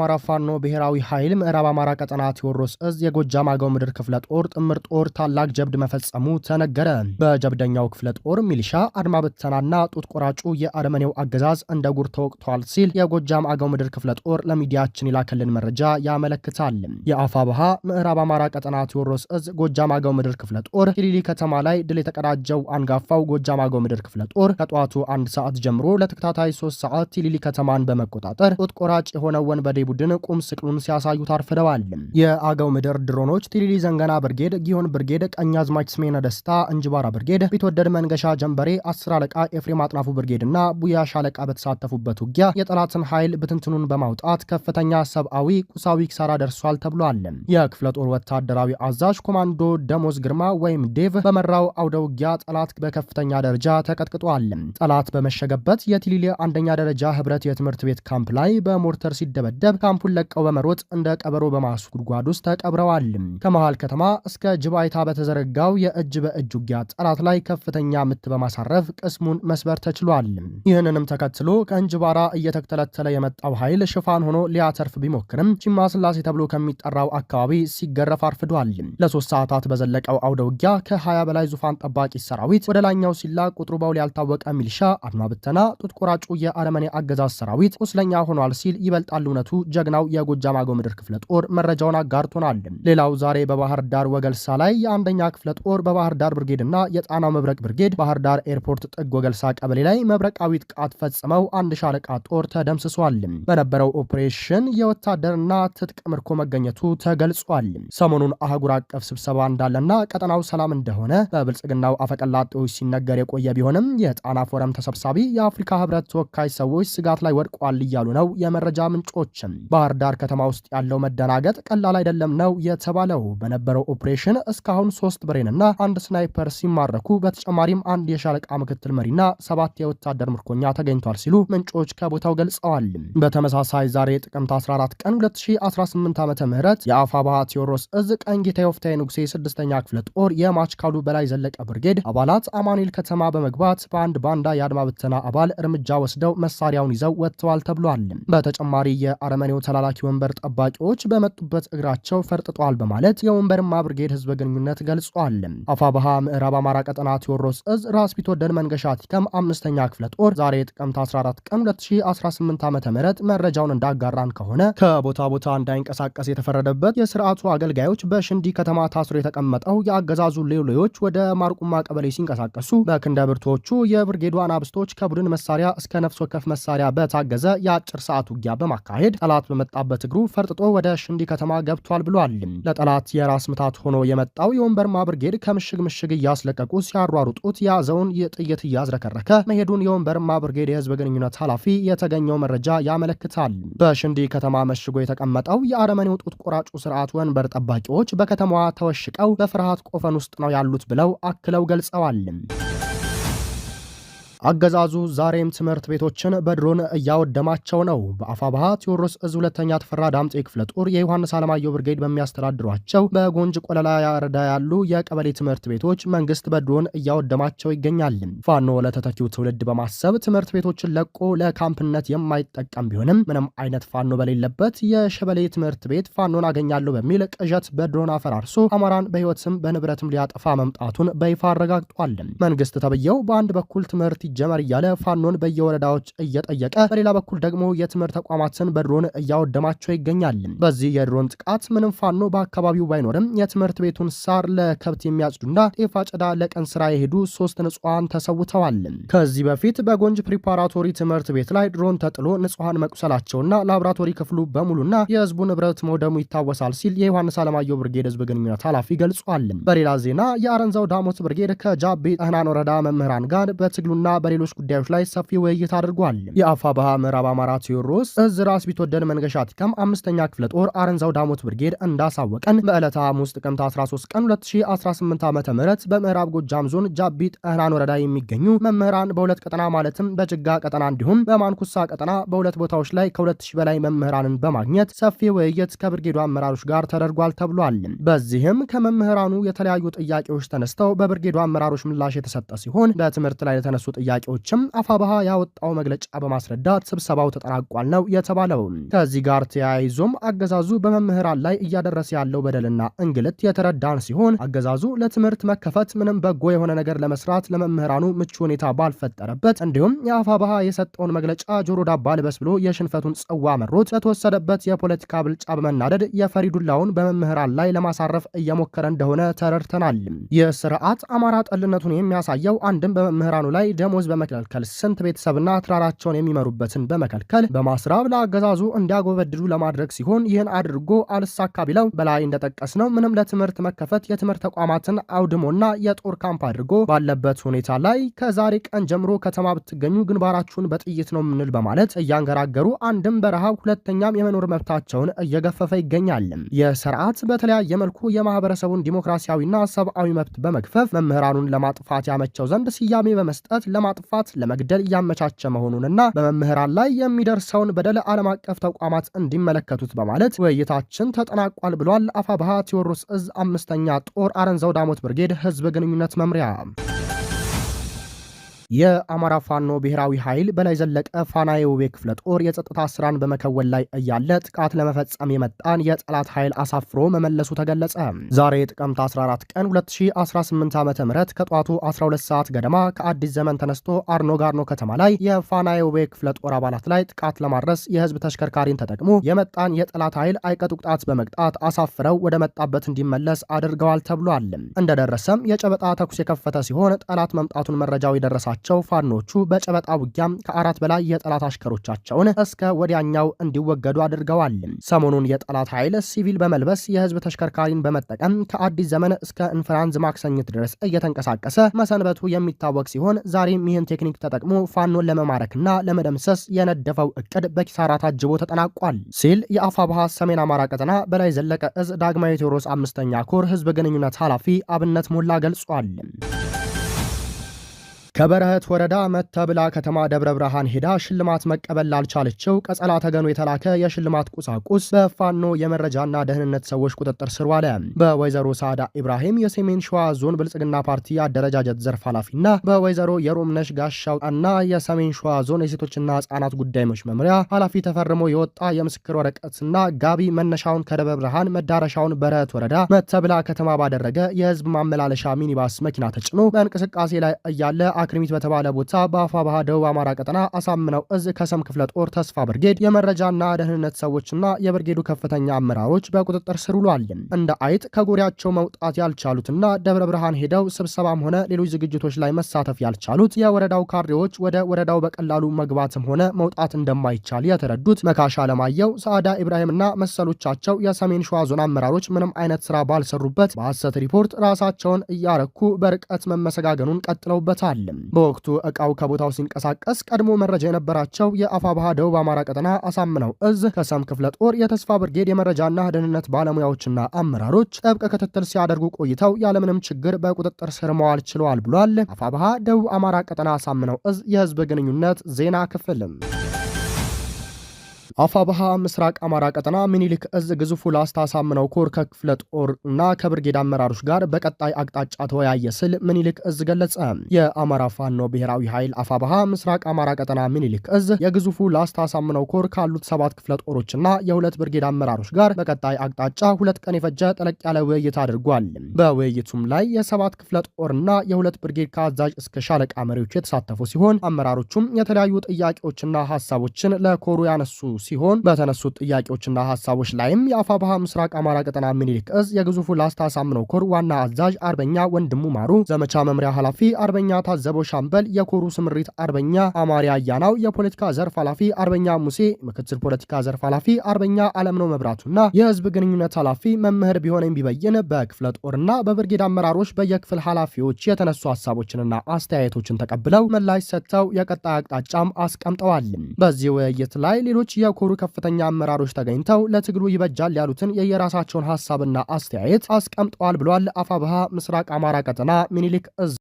የአማራ ፋኖ ብሔራዊ ኃይል ምዕራብ አማራ ቀጠና ቴዎድሮስ እዝ የጎጃም አገው ምድር ክፍለ ጦር ጥምር ጦር ታላቅ ጀብድ መፈጸሙ ተነገረ። በጀብደኛው ክፍለ ጦር ሚሊሻ፣ አድማ ብተናና ጡት ቆራጩ የአረመኔው አገዛዝ እንደ ጉር ተወቅቷል ሲል የጎጃም አገው ምድር ክፍለ ጦር ለሚዲያችን የላከልን መረጃ ያመለክታል። የአፋ ባሃ ምዕራብ አማራ ቀጠና ቴዎድሮስ እዝ ጎጃም አገው ምድር ክፍለ ጦር ኪሊሊ ከተማ ላይ ድል የተቀዳጀው አንጋፋው ጎጃም አገው ምድር ክፍለ ጦር ከጠዋቱ አንድ ሰዓት ጀምሮ ለተከታታይ ሶስት ሰዓት ቲሊሊ ከተማን በመቆጣጠር ጡት ቆራጭ የሆነ ወንበዴ ቡድን ቁም ስቅሉን ሲያሳዩ ታርፍደዋል። የአገው ምድር ድሮኖች ቲሊሊ ዘንገና ብርጌድ፣ ጊዮን ብርጌድ፣ ቀኛዝማች ስሜነ ደስታ እንጅባራ ብርጌድ፣ ቢትወደድ መንገሻ ጀንበሬ፣ አስር አለቃ ኤፍሬም አጥናፉ ብርጌድ እና ቡያ ሻለቃ በተሳተፉበት ውጊያ የጠላትን ኃይል ብትንትኑን በማውጣት ከፍተኛ ሰብአዊ ቁሳዊ ኪሳራ ደርሷል ተብሏል። የክፍለ ጦር ወታደራዊ አዛዥ ኮማንዶ ደሞዝ ግርማ ወይም ዴቭ በመራው አውደ ውጊያ ጠላት በከፍተኛ ደረጃ ተቀጥቅጧል። ጠላት በመሸገበት የቲሊሊ አንደኛ ደረጃ ህብረት የትምህርት ቤት ካምፕ ላይ በሞርተር ሲደበደብ ካምፑን ለቀው በመሮጥ እንደ ቀበሮ በማስ ጉድጓድ ውስጥ ተቀብረዋል። ከመሃል ከተማ እስከ ጅባይታ በተዘረጋው የእጅ በእጅ ውጊያ ጠላት ላይ ከፍተኛ ምት በማሳረፍ ቅስሙን መስበር ተችሏል። ይህንንም ተከትሎ ከእንጅባራ እየተተለተለ የመጣው ኃይል ሽፋን ሆኖ ሊያተርፍ ቢሞክርም ቺማ ስላሴ ተብሎ ከሚጠራው አካባቢ ሲገረፍ አርፍዷል። ለሶስት ሰዓታት በዘለቀው አውደ ውጊያ ከ20 በላይ ዙፋን ጠባቂ ሰራዊት ወደ ላይኛው ሲላ ቁጥሩ በውል ያልታወቀ ሚሊሻ፣ አድማ ብተና፣ ጡት ቆራጩ የአረመኔ አገዛዝ ሰራዊት ቁስለኛ ሆኗል ሲል ይበልጣል እውነቱ ጀግናው የጎጃም አገው ምድር ክፍለ ጦር መረጃውን አጋርቶናል። ሌላው ዛሬ በባህር ዳር ወገልሳ ላይ የአንደኛ ክፍለ ጦር በባህር ዳር ብርጌድና የጣናው መብረቅ ብርጌድ ባህር ዳር ኤርፖርት ጥግ ወገልሳ ቀበሌ ላይ መብረቃዊ ጥቃት ፈጽመው አንድ ሻለቃ ጦር ተደምስሷል። በነበረው ኦፕሬሽን የወታደርና ትጥቅ ምርኮ መገኘቱ ተገልጿል። ሰሞኑን አህጉር አቀፍ ስብሰባ እንዳለና ቀጠናው ሰላም እንደሆነ በብልጽግናው አፈቀላጤዎች ሲነገር የቆየ ቢሆንም የጣና ፎረም ተሰብሳቢ የአፍሪካ ህብረት ተወካይ ሰዎች ስጋት ላይ ወድቋል እያሉ ነው የመረጃ ምንጮችም። ባህር ዳር ከተማ ውስጥ ያለው መደናገጥ ቀላል አይደለም ነው የተባለው። በነበረው ኦፕሬሽን እስካሁን ሶስት ብሬንና አንድ ስናይፐር ሲማረኩ በተጨማሪም አንድ የሻለቃ ምክትል መሪና ሰባት የወታደር ምርኮኛ ተገኝቷል ሲሉ ምንጮች ከቦታው ገልጸዋል። በተመሳሳይ ዛሬ ጥቅምት 14 ቀን 2018 ዓ ም ባህ ቴዎድሮስ እዝ ጌታ ወፍታዊ ንጉሴ ስድስተኛ ክፍለ ጦር የማችካሉ በላይ ዘለቀ ብርጌድ አባላት አማኑኤል ከተማ በመግባት በአንድ ባንዳ የአድማ ብተና አባል እርምጃ ወስደው መሳሪያውን ይዘው ወጥተዋል ተብሏል። በተጨማሪ የአረ የአረመኔው ተላላኪ ወንበር ጠባቂዎች በመጡበት እግራቸው ፈርጥጧል በማለት የወንበርማ ብርጌድ ህዝብ ግንኙነት ገልጿል። አፋባሃ ምዕራብ አማራ ቀጠና ቴዎድሮስ እዝ ራስ ቢትወደድ መንገሻ ቲከም አምስተኛ ክፍለ ጦር ዛሬ ጥቅምት 14 ቀን 2018 ዓ ም መረጃውን እንዳጋራን ከሆነ ከቦታ ቦታ እንዳይንቀሳቀስ የተፈረደበት የስርዓቱ አገልጋዮች በሽንዲ ከተማ ታስሮ የተቀመጠው የአገዛዙ ሌሎዎች ወደ ማርቁማ ቀበሌ ሲንቀሳቀሱ በክንደ ብርቶቹ የብርጌዱ አናብስቶች ከቡድን መሳሪያ እስከ ነፍስ ወከፍ መሳሪያ በታገዘ የአጭር ሰዓት ውጊያ በማካሄድ ጠላት በመጣበት እግሩ ፈርጥጦ ወደ ሽንዲ ከተማ ገብቷል ብሏል። ለጠላት የራስ ምታት ሆኖ የመጣው የወንበርማ ብርጌድ ከምሽግ ምሽግ እያስለቀቁ ሲያሯሩጡት የያዘውን የጥይት እያዝረከረከ መሄዱን የወንበርማ ብርጌድ የህዝብ ግንኙነት ኃላፊ የተገኘው መረጃ ያመለክታል። በሽንዲ ከተማ መሽጎ የተቀመጠው የአረመኔው ጡት ቆራጩ ስርዓት ወንበር ጠባቂዎች በከተማዋ ተወሽቀው በፍርሃት ቆፈን ውስጥ ነው ያሉት ብለው አክለው ገልጸዋል። አገዛዙ ዛሬም ትምህርት ቤቶችን በድሮን እያወደማቸው ነው። በአፋባሃ ቴዎድሮስ እዝ ሁለተኛ ተፈራ ዳምጤ ክፍለ ጦር የዮሐንስ አለማየሁ ብርጌድ በሚያስተዳድሯቸው በጎንጅ ቆለላ ያረዳ ያሉ የቀበሌ ትምህርት ቤቶች መንግስት በድሮን እያወደማቸው ይገኛል። ፋኖ ለተተኪው ትውልድ በማሰብ ትምህርት ቤቶችን ለቆ ለካምፕነት የማይጠቀም ቢሆንም ምንም አይነት ፋኖ በሌለበት የሸበሌ ትምህርት ቤት ፋኖን አገኛለሁ በሚል ቅዠት በድሮን አፈራርሶ አማራን በህይወትም በንብረትም ሊያጠፋ መምጣቱን በይፋ አረጋግጧል። መንግስት ተብየው በአንድ በኩል ትምህርት ይጀመር እያለ ፋኖን በየወረዳዎች እየጠየቀ በሌላ በኩል ደግሞ የትምህርት ተቋማትን በድሮን እያወደማቸው ይገኛል። በዚህ የድሮን ጥቃት ምንም ፋኖ በአካባቢው ባይኖርም የትምህርት ቤቱን ሳር ለከብት የሚያጽዱና ጤፍ አጨዳ ለቀን ስራ የሄዱ ሶስት ንጹሐን ተሰውተዋል። ከዚህ በፊት በጎንጅ ፕሪፓራቶሪ ትምህርት ቤት ላይ ድሮን ተጥሎ ንጹሐን መቁሰላቸውና ላብራቶሪ ክፍሉ በሙሉና የህዝቡ ንብረት መውደሙ ይታወሳል ሲል የዮሐንስ አለማየሁ ብርጌድ ህዝብ ግንኙነት ኃላፊ ገልጿል። በሌላ ዜና የአረንዛው ዳሞት ብርጌድ ከጃቤ ጠህናን ወረዳ መምህራን ጋር በትግሉና በሌሎች ጉዳዮች ላይ ሰፊ ውይይት አድርጓል። የአፋ ባህ ምዕራብ አማራ ቴዎድሮስ እዝ ራስ ቢትወደድ መንገሻ ቲከም አምስተኛ ክፍለ ጦር አረንዛው ዳሞት ብርጌድ እንዳሳወቀን በዕለተ ሐሙስ ጥቅምት 13 ቀን 2018 ዓ ም በምዕራብ ጎጃም ዞን ጃቢ ጠህናን ወረዳ የሚገኙ መምህራን በሁለት ቀጠና ማለትም በጅጋ ቀጠና እንዲሁም በማንኩሳ ቀጠና በሁለት ቦታዎች ላይ ከ2000 በላይ መምህራንን በማግኘት ሰፊ ውይይት ከብርጌዱ አመራሮች ጋር ተደርጓል ተብሏል። በዚህም ከመምህራኑ የተለያዩ ጥያቄዎች ተነስተው በብርጌዱ አመራሮች ምላሽ የተሰጠ ሲሆን በትምህርት ላይ ለተነሱ ጥያቄ ጥያቄዎችም አፋባሃ ያወጣው መግለጫ በማስረዳት ስብሰባው ተጠናቋል ነው የተባለው። ከዚህ ጋር ተያይዞም አገዛዙ በመምህራን ላይ እያደረሰ ያለው በደልና እንግልት የተረዳን ሲሆን አገዛዙ ለትምህርት መከፈት ምንም በጎ የሆነ ነገር ለመስራት ለመምህራኑ ምቹ ሁኔታ ባልፈጠረበት እንዲሁም የአፋባሃ የሰጠውን መግለጫ ጆሮ ዳባ ልበስ ብሎ የሽንፈቱን ጽዋ መሮት ለተወሰደበት የፖለቲካ ብልጫ በመናደድ የፈሪዱላውን በመምህራን ላይ ለማሳረፍ እየሞከረ እንደሆነ ተረድተናል። ይህ ስርዓት አማራ ጠልነቱን የሚያሳየው አንድም በመምህራኑ ላይ ደሞ ደሞዝ በመከልከል ስንት ቤተሰብና ትራራቸውን የሚመሩበትን በመከልከል በማስራብ ለአገዛዙ እንዲያጎበድዱ ለማድረግ ሲሆን ይህን አድርጎ አልሳካ ቢለው በላይ እንደጠቀስ ነው ምንም ለትምህርት መከፈት የትምህርት ተቋማትን አውድሞና የጦር ካምፕ አድርጎ ባለበት ሁኔታ ላይ ከዛሬ ቀን ጀምሮ ከተማ ብትገኙ ግንባራችሁን በጥይት ነው ምንል በማለት እያንገራገሩ አንድም በረሃብ ሁለተኛም የመኖር መብታቸውን እየገፈፈ ይገኛል። ይህ በተለያየ መልኩ የማህበረሰቡን ዲሞክራሲያዊና ሰብአዊ መብት በመግፈፍ መምህራኑን ለማጥፋት ያመቸው ዘንድ ስያሜ በመስጠት ለማ ለማጥፋት ለመግደል እያመቻቸ መሆኑንና በመምህራን ላይ የሚደርሰውን በደል ዓለም አቀፍ ተቋማት እንዲመለከቱት በማለት ውይይታችን ተጠናቋል ብሏል። አፋ ባህ ቴዎድሮስ እዝ አምስተኛ ጦር አረንዘው ዳሞት ብርጌድ ህዝብ ግንኙነት መምሪያ የአማራ ፋኖ ብሔራዊ ኃይል በላይ ዘለቀ ፋና የውቤ ክፍለ ጦር የጸጥታ ስራን በመከወል ላይ እያለ ጥቃት ለመፈጸም የመጣን የጠላት ኃይል አሳፍሮ መመለሱ ተገለጸ። ዛሬ ጥቅምት 14 ቀን 2018 ዓ ም ከጠዋቱ 12 ሰዓት ገደማ ከአዲስ ዘመን ተነስቶ አርኖ ጋርኖ ከተማ ላይ የፋና የውቤ ክፍለ ጦር አባላት ላይ ጥቃት ለማድረስ የህዝብ ተሽከርካሪን ተጠቅሞ የመጣን የጠላት ኃይል አይቀጡ ቅጣት በመቅጣት አሳፍረው ወደ መጣበት እንዲመለስ አድርገዋል ተብሏል። እንደደረሰም የጨበጣ ተኩስ የከፈተ ሲሆን ጠላት መምጣቱን መረጃው የደረሳቸው በመሆናቸው ፋኖቹ በጨበጣ ውጊያ ከአራት በላይ የጠላት አሽከሮቻቸውን እስከ ወዲያኛው እንዲወገዱ አድርገዋል። ሰሞኑን የጠላት ኃይል ሲቪል በመልበስ የህዝብ ተሽከርካሪን በመጠቀም ከአዲስ ዘመን እስከ እንፍራንዝ ማክሰኝት ድረስ እየተንቀሳቀሰ መሰንበቱ የሚታወቅ ሲሆን ዛሬም ይህን ቴክኒክ ተጠቅሞ ፋኖን ለመማረክና ለመደምሰስ የነደፈው እቅድ በኪሳራ ታጅቦ ተጠናቋል ሲል የአፋብሃ ሰሜን አማራ ቀጠና በላይ ዘለቀ እዝ ዳግማዊ ቴዎድሮስ አምስተኛ ኮር ህዝብ ግንኙነት ኃላፊ አብነት ሞላ ገልጿል። ከበረህት ወረዳ መተብላ ከተማ ደብረ ብርሃን ሄዳ ሽልማት መቀበል ላልቻለችው ቀጸላ ተገኑ የተላከ የሽልማት ቁሳቁስ በፋኖ የመረጃና ደህንነት ሰዎች ቁጥጥር ስር ዋለ። በወይዘሮ ሳዳ ኢብራሂም የሰሜን ሸዋ ዞን ብልጽግና ፓርቲ አደረጃጀት ዘርፍ ኃላፊና በወይዘሮ የሮምነሽ ጋሻው እና የሰሜን ሸዋ ዞን የሴቶችና ህጻናት ጉዳዮች መምሪያ ኃላፊ ተፈርሞ የወጣ የምስክር ወረቀትና ጋቢ መነሻውን ከደብረ ብርሃን መዳረሻውን በረህት ወረዳ መተብላ ከተማ ባደረገ የህዝብ ማመላለሻ ሚኒባስ መኪና ተጭኖ በእንቅስቃሴ ላይ እያለ ክሪሚት በተባለ ቦታ በአፋ ደቡብ አማራ ቀጠና አሳምነው እዝ ከሰም ክፍለ ጦር ተስፋ ብርጌድ የመረጃና ደህንነት ሰዎችና የብርጌዱ ከፍተኛ አመራሮች በቁጥጥር ስር ውሏል። እንደ አይጥ ከጎሪያቸው መውጣት ያልቻሉትና ደብረ ብርሃን ሄደው ስብሰባም ሆነ ሌሎች ዝግጅቶች ላይ መሳተፍ ያልቻሉት የወረዳው ካድሬዎች ወደ ወረዳው በቀላሉ መግባትም ሆነ መውጣት እንደማይቻል የተረዱት መካሻ አለማየሁ፣ ሰዓዳ ኢብራሂምና መሰሎቻቸው የሰሜን ሸዋ ዞን አመራሮች ምንም አይነት ስራ ባልሰሩበት በሐሰት ሪፖርት ራሳቸውን እያረኩ በርቀት መመሰጋገኑን ቀጥለውበታል። በወቅቱ እቃው ከቦታው ሲንቀሳቀስ ቀድሞ መረጃ የነበራቸው የአፋብሃ ደቡብ አማራ ቀጠና አሳምነው እዝ ከሰም ክፍለ ጦር የተስፋ ብርጌድ የመረጃና ደህንነት ባለሙያዎችና አመራሮች ጥብቅ ክትትል ሲያደርጉ ቆይተው ያለምንም ችግር በቁጥጥር ስር መዋል ችለዋል ብሏል። አፋብሃ ደቡብ አማራ ቀጠና አሳምነው እዝ የህዝብ ግንኙነት ዜና ክፍልም አፋብሃ ምስራቅ አማራ ቀጠና ምኒልክ እዝ ግዙፉ ላስታ አሳምነው ኮር ከክፍለ ጦር እና ከብርጌድ አመራሮች ጋር በቀጣይ አቅጣጫ ተወያየ ስል ምኒልክ እዝ ገለጸ። የአማራ ፋኖ ብሔራዊ ኃይል አፋብሃ ምስራቅ አማራ ቀጠና ምኒልክ እዝ የግዙፉ ላስታ ኮር ካሉት ሰባት ክፍለ ጦሮችና የሁለት ብርጌድ አመራሮች ጋር በቀጣይ አቅጣጫ ሁለት ቀን የፈጀ ጠለቅ ያለ ውይይት አድርጓል። በውይይቱም ላይ የሰባት ክፍለ ጦርና የሁለት ብርጌድ ከአዛዥ እስከ ሻለቃ መሪዎች የተሳተፉ ሲሆን አመራሮቹም የተለያዩ ጥያቄዎችና ሀሳቦችን ለኮሩ ያነሱ ሲሆን በተነሱት ጥያቄዎችና ሀሳቦች ላይም የአፋብሃ ምስራቅ አማራ ቀጠና ምኒልክ እዝ የግዙፉ ላስታ አሳምነው ኮር ዋና አዛዥ አርበኛ ወንድሙ ማሩ፣ ዘመቻ መምሪያ ኃላፊ አርበኛ ታዘበው ሻምበል፣ የኮሩ ስምሪት አርበኛ አማሪ አያናው፣ የፖለቲካ ዘርፍ ኃላፊ አርበኛ ሙሴ፣ ምክትል ፖለቲካ ዘርፍ ኃላፊ አርበኛ አለምነው መብራቱና የህዝብ ግንኙነት ኃላፊ መምህር ቢሆንም ቢበይን በክፍለ ጦርና በብርጌድ አመራሮች በየክፍል ኃላፊዎች የተነሱ ሀሳቦችንና አስተያየቶችን ተቀብለው ምላሽ ሰጥተው የቀጣይ አቅጣጫም አስቀምጠዋል። በዚህ ውይይት ላይ ሌሎች የኮሩ ከፍተኛ አመራሮች ተገኝተው ለትግሉ ይበጃል ያሉትን የየራሳቸውን ሀሳብና አስተያየት አስቀምጠዋል ብሏል። አፋብሃ ምስራቅ አማራ ቀጠና ሚኒሊክ እዝ